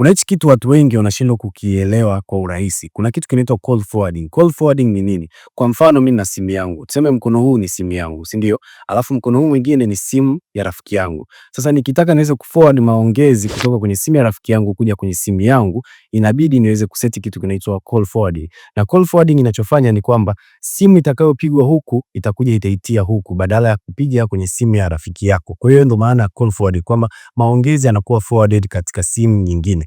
Kuna hichi kitu watu wengi wanashindwa kukielewa kwa urahisi. Kuna kitu kinaitwa call forwarding. Call forwarding ni nini? Kwa mfano mimi na simu yangu, tuseme mkono huu ni simu yangu, si ndio? Alafu mkono huu mwingine ni simu ya rafiki yangu. Sasa nikitaka niweze kuforward maongezi kutoka kwenye simu ya rafiki yangu kuja kwenye simu yangu, inabidi niweze kuseti kitu kinaitwa call forwarding. Na call forwarding inachofanya ni kwamba simu itakayopigwa huku itakuja itaitia huku badala ya kupiga kwenye simu ya rafiki yako. Kwa hiyo ndio maana call forward, kwamba maongezi yanakuwa forwarded katika simu nyingine.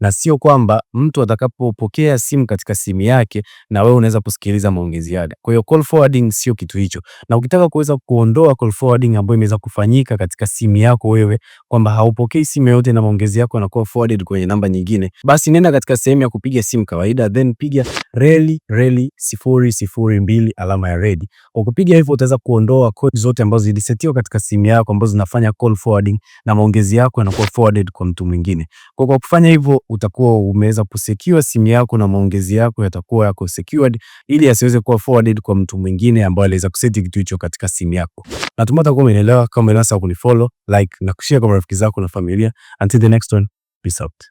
na sio kwamba mtu atakapopokea simu katika simu yake na wewe unaweza kusikiliza maongezi yake. Kwa hiyo call forwarding sio kitu hicho, na ukitaka kuweza kuondoa call forwarding ambayo imeweza kufanyika katika simu yako wewe, kwamba haupokei simu yoyote na maongezi yako yanakuwa forwarded kwenye namba nyingine, basi nenda katika sehemu ya kupiga simu kawaida, then piga reli reli sifuri sifuri mbili alama ya redi. Ukipiga hivyo utaweza kuondoa code zote ambazo zilisetiwa katika simu yako ambazo zinafanya call forwarding na maongezi yako yanakuwa forwarded kwa mtu mwingine. Kwa kwa kufanya hivyo utakuwa umeweza kusecure simu yako na maongezi yako yatakuwa yako secured, ili yasiweze kuwa forwarded kwa mtu mwingine ambaye aliweza kuseti kitu hicho katika simu yako. Natumai utakuwa umeelewa. Kama umeelewa, kunifollow, like na kushare kwa marafiki zako na familia. Until the next one, peace out.